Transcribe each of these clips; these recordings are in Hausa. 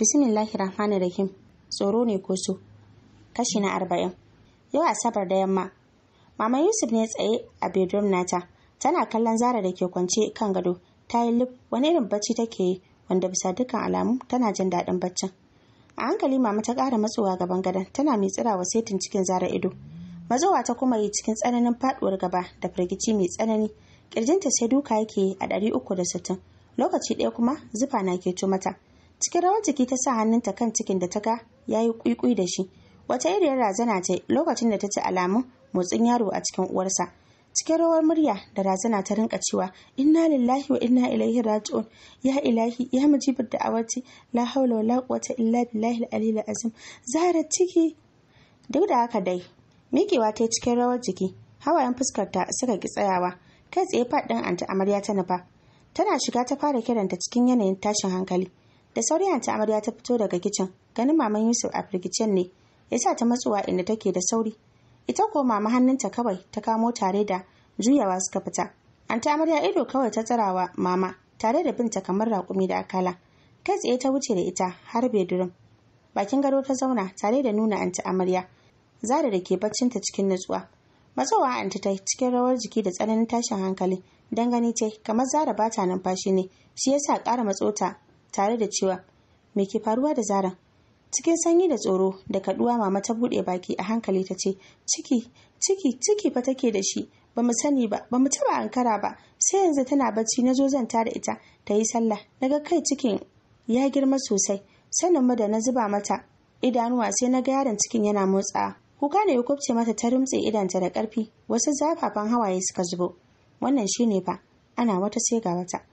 bismillahir rahmanir rahim tsoro ne ko so kashi na arba'in yau asabar da yamma mama yusuf ne tsaye a bedroom nata tana kallon zara da ke kwance kan gado ta yi lif wani irin bacci take yi wanda bisa dukkan alamu tana jin daɗin baccin a hankali mama ta ƙara matsowa gaban gadon tana mai tsirawa setin cikin zara ido matsowa ta kuma yi cikin tsananin faɗuwar gaba da firgici mai tsanani Ƙirjinta sai duka yake a ɗari uku da sittin lokaci ɗaya kuma zufa na ke mata cikin rawar jiki ta sa hannunta kan cikin da ta ga ya yi kwikwi da shi wata iriyar razana ta lokacin da ta ci alamun motsin yaro a cikin uwarsa cikin rawar murya da razana ta rinka cewa inna lillahi wa inna ilaihi raji'un ya ilahi ya mujibir da awaci, la haula wala quwwata illa billahi al azim zahara ciki duk da haka dai mikewa ta cikin rawar jiki hawayen fuskarta suka ki tsayawa kai tsaye ɗin anta amarya ta nufa tana shiga ta fara kiranta cikin yanayin tashin hankali da sauri ta amarya ta fito daga kicin ganin maman yusuf a firgicen ne ya sa ta matsuwa inda take da sauri ita ko mama hannunta kawai ta kamo tare da juyawa suka fita an ta amarya ido kawai ta tsarawa mama tare da binta kamar raƙumi da akala kai tsaye ta wuce da ita har bedroom bakin gado ta zauna tare da nuna anti amarya zara da ke baccin ta cikin nutsuwa matsowa anti ta cikin rawar jiki da tsananin tashin hankali dan gani ce kamar zara bata numfashi ne shi yasa ƙara matsota tare da cewa me ke faruwa da zaran cikin sanyi da tsoro da kaduwa mama ta bude baki a hankali ta ce ciki ciki ciki fa take da shi ba mu sani ba ba mu taba ankara ba sai yanzu tana bacci na zo zan da ita ta yi sallah naga kai cikin ya girma sosai sannan mu da na zuba mata idanuwa sai na ga yaron cikin yana motsa kuka ne ya kwabce mata ta rumtse idanta da karfi wasu zafafan hawaye suka zubo wannan shine fa ana wata sai ga wata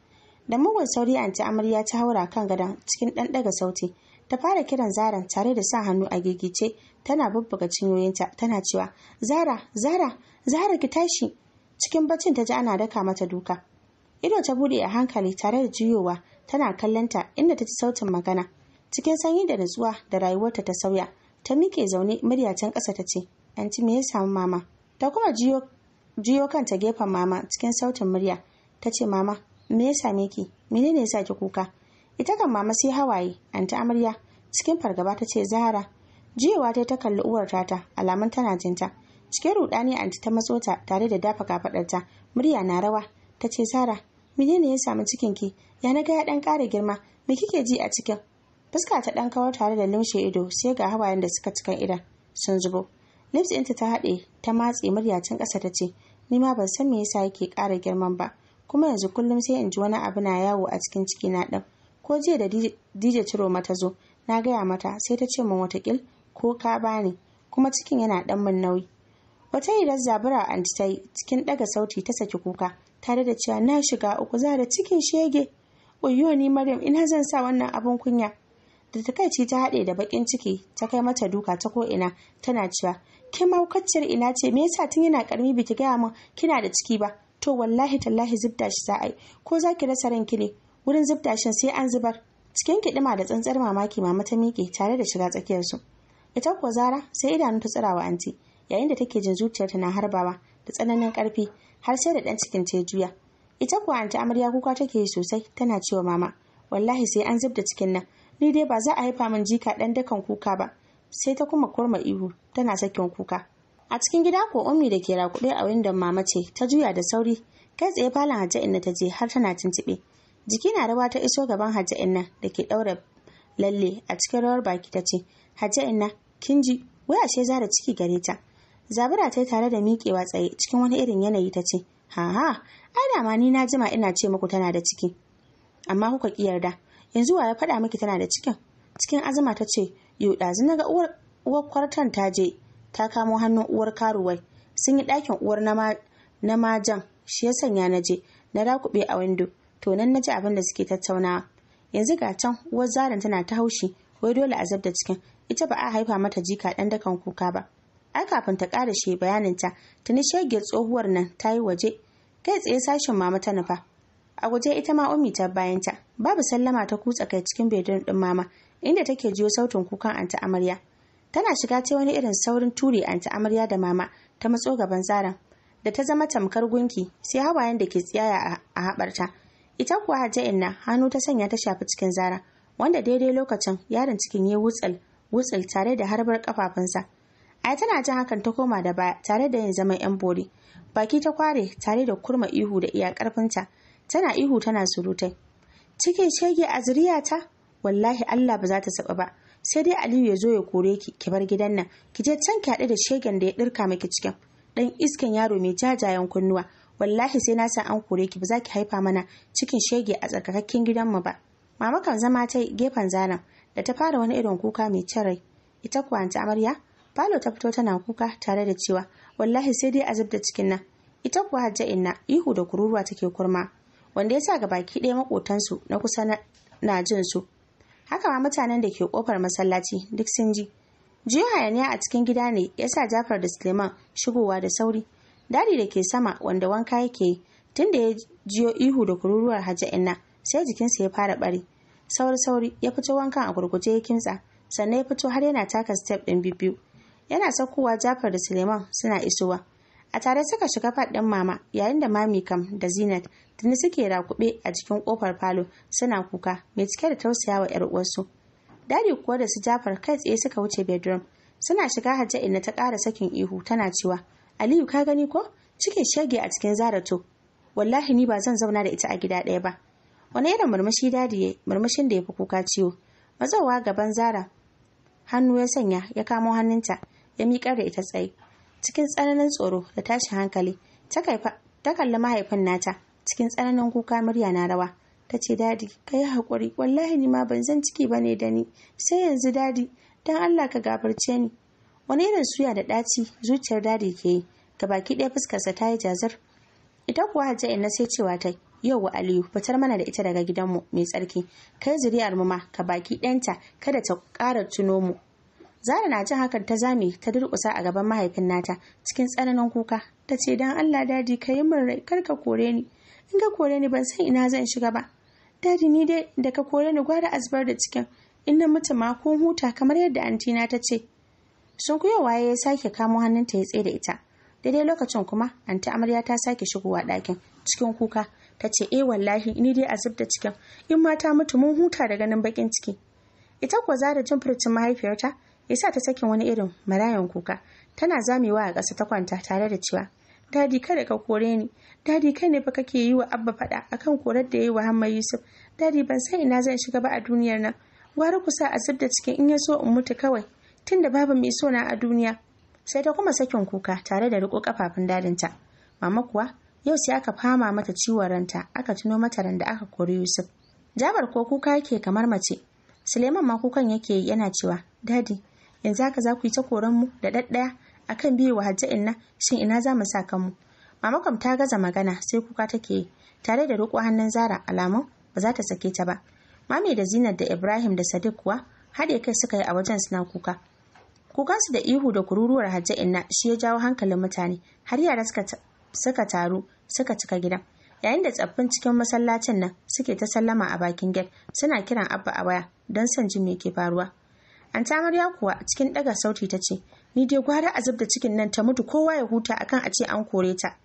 da mugun sauri anti amarya ta haura kan gadon cikin ɗanɗaga daga sauti ta fara kiran zaran tare da sa hannu a gigice tana bubbuga cinyoyinta tana cewa zara zara zara ki tashi cikin baccin ta ji ana daka mata duka ido ta buɗe a hankali tare da juyowa tana kallonta inda ta ci sautin magana cikin sanyi da nutsuwa da rayuwarta ta sauya ta miƙe zaune murya can ƙasa ta ce anti me ya samu mama ta kuma juyo kanta gefen mama cikin sautin murya ta ce mama me ya same ki menene yasa ki kuka ita kan mama sai hawaye anti amarya cikin fargaba ta ce zahara jiyewa ta ta kalli uwar tata alamun tana jinta cikin rudani anti ta matso ta tare da dafa ta, murya na rawa ta ce zahara menene ya samu cikin ki ya naga ya dan kara girma me kike ji a cikin fuska ta dan kawar tare da lumshe ido sai ga hawayen da suka cikan idan sun zubo lips ɗinta ta haɗe ta matse murya can ƙasa ta ce ni ma ban san me yasa yake ƙara girman ba kuma yanzu kullum sai in ji wani abu na yawo a cikin ciki na ɗin ko jiya da Dije ciro mata zo na gaya mata sai ta ce min watakil ko ka bani kuma cikin yana ɗan min nauyi wata idan zabura anti ta yi cikin ɗaga sauti ta saki kuka tare da cewa na shiga uku za da cikin shege oyo ni maryam ina zan sa wannan abin kunya da takaici ta haɗe da bakin ciki ta kai mata duka ta ko ina tana cewa ke maukacciyar ina ce me yasa tun yana karmi biki gaya min kina da ciki ba to wallahi tallahi zubda shi za a yi ko za ki rasa ranki ne wurin zubda shi sai an zubar cikin kiɗima da tsantsar mamaki mama ta miƙe tare da shiga tsakiyarsu ita kuwa zara sai idanu ta tsira wa anti yayin da take jin zuciyarta na harbawa da tsananin ƙarfi har sai da ɗan cikin ta juya ita kuwa anti amarya kuka take yi sosai tana cewa mama wallahi sai an zubda cikin nan ni dai ba za a haifa min jika ɗan dakan kuka ba sai ta kuma kurma ihu tana sakin kuka a cikin gida ko ummi da ke rakuɗe a windon mama ce ta juya da sauri kai tsaye falon hajja inna ta je har tana tuntuɓe jiki na rawa ta iso gaban hajja inna da ke ɗaura lalle a cikin rawar baki ta ce hajja inna kin ji waya ce zara ciki gare ta zabura ta yi tare da miƙewa tsaye cikin wani irin yanayi ta ce ha ha ai da ma ni na jima ina ce muku tana da ciki amma kuka ki yarda yanzu wa ya faɗa miki tana da cikin cikin azama ta ce yau ɗazu na ga uwar kwartan ta je ta kamo hannun uwar karuwai sun yi ɗakin uwar na majan shi ya sanya na je na dakuɓe a windo to nan na ji abin da suke tattaunawa yanzu ga can uwar zaran tana ta haushi wai dole a zabda cikin ita ba a haifa mata jika ɗan dakan kuka ba ai kafin ta ƙara shi ta, tuni shege tsohuwar nan ta yi waje kai tsaye sashen mama ta nufa a guje ita ma ummi ta bayanta babu sallama ta kutsa kai cikin bedin ɗin mama inda take jiyo sautin kukan anta amarya tana shiga ta wani irin saurin ture anti amarya da mama ta matso gaban zaran da ta zama tamkar gunki sai hawayen da ke tsiyaya a haɓarta ita kuwa hajja'in inna hannu ta sanya ta shafi cikin zara wanda daidai lokacin yaron cikin ya wutsal wutsal tare da harbar kafafunsa ai tana jin hakan ta koma da baya tare da yin zaman yan bori baki ta kware tare da kurma ihu da iya karfinta tana ihu tana surutai Cikin shege a zuriyata wallahi Allah ba za ta saba ba sai dai aliyu ya zo ya kore ki ki bar gidan nan ki je can ki haɗu da shegen da ya ɗirka miki cikin ɗan iskan yaro mai jajayen kunnuwa wallahi sai na san an kore ki ba za ki haifa mana cikin shege a tsarkakakken gidanmu ba mama kan zama ta gefen zanen da ta fara wani irin kuka mai cin ita kuwa ta amarya falo ta fito tana kuka tare da cewa wallahi sai dai azab da cikin nan ita kuwa hajja inna ihu da kururuwa take kurma wanda ya sa ga baki ɗaya makotansu na kusa na jin su haka ma mutanen da ke kofar masallaci duk sun ji jiyo hayaniya a cikin gida ne ya sa jafar da suleiman shigowa da sauri dadi da ke sama wanda wanka yake yi tun da ya jiyo ihu da kururuwar hajji inna sai jikinsa ya fara bari sauri sauri ya fito wankan a gurguje ya kintsa sannan ya fito har yana taka step ɗin biyu yana saukowa jafar da suleiman suna isowa a tare suka shiga faɗin mama yayin da mami kam da zinat tuni suke rakuɓe a cikin ƙofar falo suna kuka mai cike da tausaya wa yar uwarsu dadi kuwa da su jafar kai tsaye suka wuce bedroom suna shiga hajja inna ta ƙara sakin ihu tana cewa aliyu ka gani ko cikin shege a cikin zarato wallahi ni ba zan zauna da ita a gida ɗaya ba wani irin murmushi dadi ya murmushin da ya fi kuka ciwo mazauwa gaban zara hannu ya sanya ya kamo hannunta ya miƙar da ita tsaye cikin tsananin tsoro da tashin hankali ta kalli mahaifin nata cikin tsananin kuka murya na rawa ta ce dadi ka yi haƙuri wallahi ni ma ban zan ciki bane da ni sai yanzu dadi don allah ka gafarce ni wani irin suya da ɗaci zuciyar dadi ke yi ga baki ɗaya fuskarsa ta yi jazir ita kuwa hajja na sai cewa ta yau wa aliyu fitar mana da ita daga gidanmu mai tsarki kai zuriyar mu ma ka baki ɗanta kada ta ƙara tuno mu Zara na jin hakan ta zame ta durƙusa a gaban mahaifin nata cikin tsananin kuka ta ce dan Allah dadi ka yi min rai kar ka kore ni in ka kore ni ban san ina zan shiga ba dadi ni dai da ka kore ni gwada azbar da cikin in na mutu ma ko huta kamar yadda antina ta ce waye ya sake kamo hannunta ya tsaye da ita daidai lokacin kuma anti amarya ta sake shigowa ɗakin cikin kuka ta ce eh wallahi ni dai azab da cikin in ma ta mutu mun huta da ganin bakin ciki ita kuwa zara jin furcin mahaifiyarta yasa ta sakin wani irin marayan kuka tana zamewa a ƙasa ta kwanta tare da cewa dadi kada ka kore ni dadi kai ne fa kake yi wa abba faɗa akan korar da yayi wa hamma yusuf dadi ban san ina zan shiga ba a duniyar nan gwara kusa a zubda cikin in ya so in mutu kawai tunda babu mai so na a duniya sai ta kuma sakin kuka tare da riko kafafun dadinta mama kuwa yau sai aka fama mata ciwon ranta aka tuno mata ran da aka kori yusuf jabar ko kuka yake kamar mace suleiman ma kukan yake yana cewa dadi yanzu haka za ku yi ta koran mu da daddaya akan biyu wa hajja inna shin ina za mu sa kanmu mamakam ta gaza magana sai kuka take yi tare da roƙo hannun zara alamun ba za ta sake ta ba mami da zinar da ibrahim da sadiq kuwa haɗe kai suka yi a wajen suna kuka kukansu da ihu da kururuwar hajja inna shi ya jawo hankalin mutane har yara suka taru suka cika gidan yayin da tsaffin cikin masallacin nan suke ta sallama a bakin gate suna kiran abba a waya don son jin me ke faruwa an amarya kuwa cikin ɗaga sauti ta ce ni dai gwara a da cikin nan ta mutu kowa ya huta akan a ce an kore ta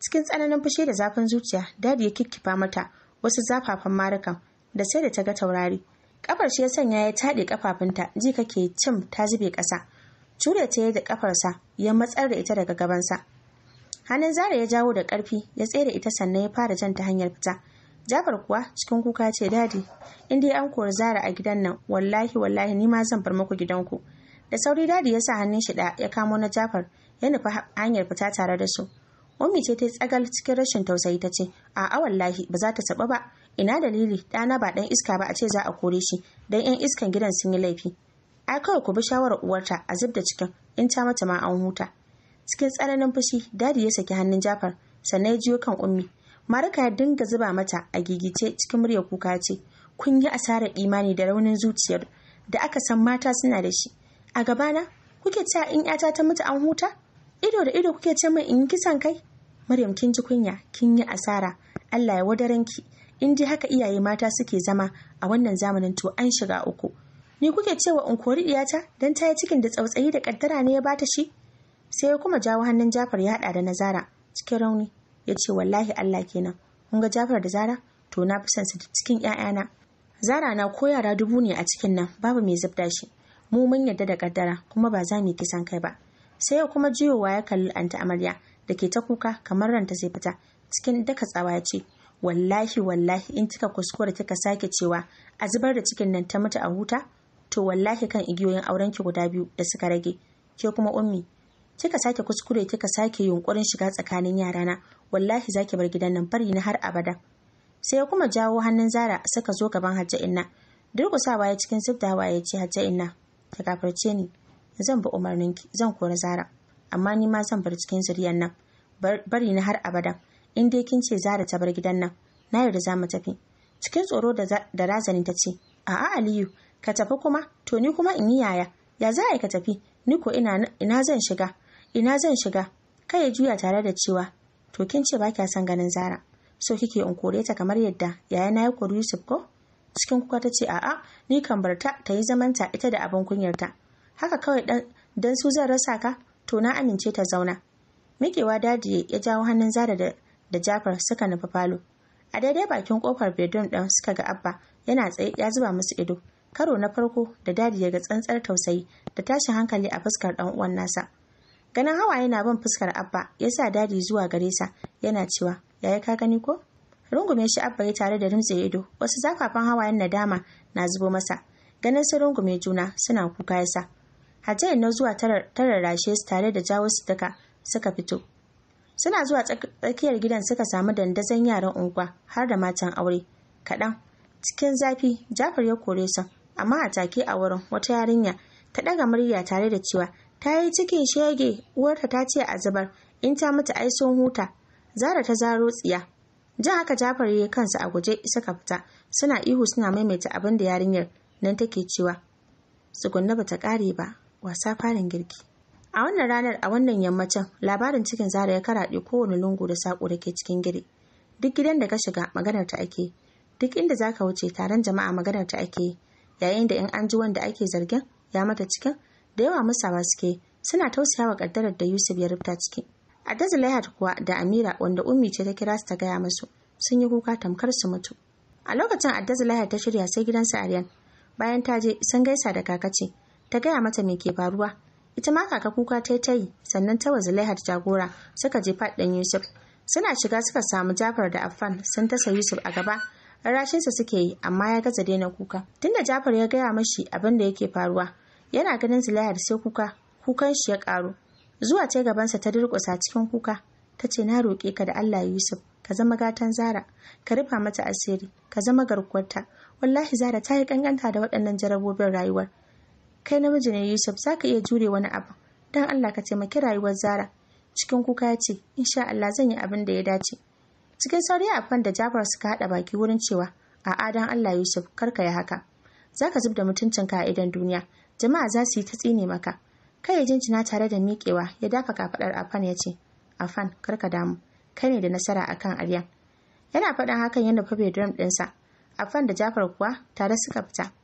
cikin tsananin fushi da zafin zuciya dadi ya kikkifa mata wasu zafafan marukan da sai da ta ga taurari kafar shi ya sanya ya taɗe kafafunta ji kake cim ta zube ƙasa cure ta da kafarsa ya matsar da ita daga gabansa hannun zara ya jawo da ƙarfi ya tsere ita sannan ya fara jan ta hanyar fita Jafar kuwa cikin kuka ce dadi in dai an kori Zara a gidan nan wallahi wallahi ni ma zan bar muku gidanku. Da sauri dadi ya sa hannun shi da ya kamo na Jafar ya nufi hanyar fita tare da su. Ummi ce ta yi tsagal cikin rashin tausayi ta ce a'a wallahi ba za ta taɓa ba ina dalili ɗana ba ɗan iska ba a ce za a kore shi dan 'yan iskan gidan sun yi laifi. Ai kawai ku bi shawarar uwarta a zub da cikin in ta mata ma an huta. Cikin tsananin fushi dadi ya saki hannun Jafar sannan ya jiyo kan ummi Marika ya dinga zuba mata a gigice cikin murya kuka ce, kun yi asarar imani da raunin zuciyar da aka san mata suna da shi. A gabana, kuke ce in ‘yata ta mutu an huta? Ido da ido kuke ce min in yi kisan kai? Maryam kin ji kunya, kin yi asara, Allah ya wadaranki. In ji haka iyaye mata suke zama a wannan zamanin to an shiga uku. Ni kuke cewa in kori iyata don ta yi cikin da tsautsayi da kaddara ne ya bata shi? Sai ya kuma jawo hannun Jafar ya haɗa da Nazara cikin rauni. ya ce wallahi Allah kenan kun ga Jafar da Zara to na fi son su da cikin ƴaƴana Zara na ko yara dubu ne a cikin nan babu mai zubda shi mu mun yarda da kaddara kuma ba za mu yi kisan kai ba sai ya kuma jiyowa ya kalli anta amarya da ke ta kuka kamar ranta zai fita cikin daka tsawa ya ce wallahi wallahi in kika kuskure kika sake cewa a zubar da cikin nan ta mutu a huta to wallahi kan igiyoyin aurenki guda biyu da suka rage ke kuma ummi kika sake kuskure kika sake yunkurin shiga tsakanin yarana wallahi za ki bar gidan nan bari na har abada sai ya kuma jawo hannun zara suka zo gaban hajja inna durkusawa ya cikin siftawa ya ce hajja inna ta gafarce ni zan bi umarninki zan kori zara amma ni ma zan bar cikin zuriyar nan bari na har abada in dai kin ce zara ta bar gidan nan na yarda za mu tafi cikin tsoro da razani ta ce a'a aliyu ka tafi kuma to ni kuma in yi yaya ya za a yi ka tafi ni ko ina zan shiga ina zan shiga kai ya juya tare da cewa to kin ce ba kya son ganin zara so kike in kore ta kamar yadda yaya na ya kori yusuf ko cikin kuka ta ce a'a ni kan barta ta yi zaman ta ita da abin kunyarta haka kawai dan su zan rasa ka to na amince ta zauna miƙewa Dadi ya jawo hannun zara da, da jafar suka nufi falo a daidai bakin kofar bedroom din suka ga abba yana tsaye ya zuba musu ido karo na farko da dadi ya ga tsantsar tausayi da tashin hankali a fuskar dan uwan nasa ganin hawa yana bin fuskar abba ya sa dadi zuwa gare sa yana cewa yaya ka gani ko rungume shi abba ya tare da rimtse ido wasu zafafan hawayen nadama na zubo masa ganin su rungume juna suna kuka yasa hajjiyar na zuwa tararrashe su tare da jawo su daka suka fito suna zuwa tsakiyar gidan suka samu dandazon yaran unguwa har da matan aure kaɗan cikin zafi jafar ya kore su amma a take a wurin wata yarinya ta ɗaga murya tare da cewa ta yi cikin shege uwarta ta ce a zubar in ta mata ai sun huta zara ta zaro tsiya jin haka jafar ya kansa a guje suka fita suna ihu suna maimaita abin da yarinyar nan take cewa tsugunna ta kare ba wasa farin girki a wannan ranar a wannan yammacin labarin cikin zara ya karaɗe kowane lungu da saƙo da ke cikin giri duk gidan da ka shiga maganar ta ake duk inda za ka wuce taron jama'a maganar ta ake yayin da in an ji wanda ake zargin ya mata cikin da yawa musawa suke suna tausayawa kaddarar da Yusuf ya rubuta ciki a zulaihat kuwa da Amira wanda Ummi ce ta kira su ta gaya musu sun yi kuka tamkar su mutu a lokacin adda-zulaihat ta shirya sai gidansa Aryan bayan ta je sun gaisa da kaka ce. ta gaya mata me ke faruwa ita ma kaka kuka ta ta yi sannan ta wazi Laihat jagora suka je faɗin Yusuf suna shiga suka samu Jafar da Affan sun tasa Yusuf a gaba rashinsa suke yi amma ya gaza daina kuka tunda Jafar ya gaya mashi abin da yake faruwa yana ganin zulayar sai kuka kukan shi ya ƙaru zuwa ta gabansa ta durƙusa cikin kuka ta ce na roƙe ka da Allah Yusuf ka zama gatan Zara ka rufa mata asiri ka zama garkuwarta wallahi Zara ta yi kankanta da waɗannan jarabobin rayuwar kai namiji ne Yusuf za ka iya jure wani abu dan Allah ka taimaki rayuwar Zara cikin kuka ya ce insha Allah zan yi abin da ya dace cikin sauri afan da Jafar suka haɗa baki wurin cewa a'a don Allah Yusuf kar ka yi haka zaka zub da mutuncinka a idan duniya jama'a za su yi ta tsine maka kai ya jinjina tare da miƙewa ya dafa kafaɗar afan ya ce afan kar ka damu kai ne da nasara akan aryan yana faɗin hakan ya nufi dram ɗinsa afan da jafar kuwa tare suka fita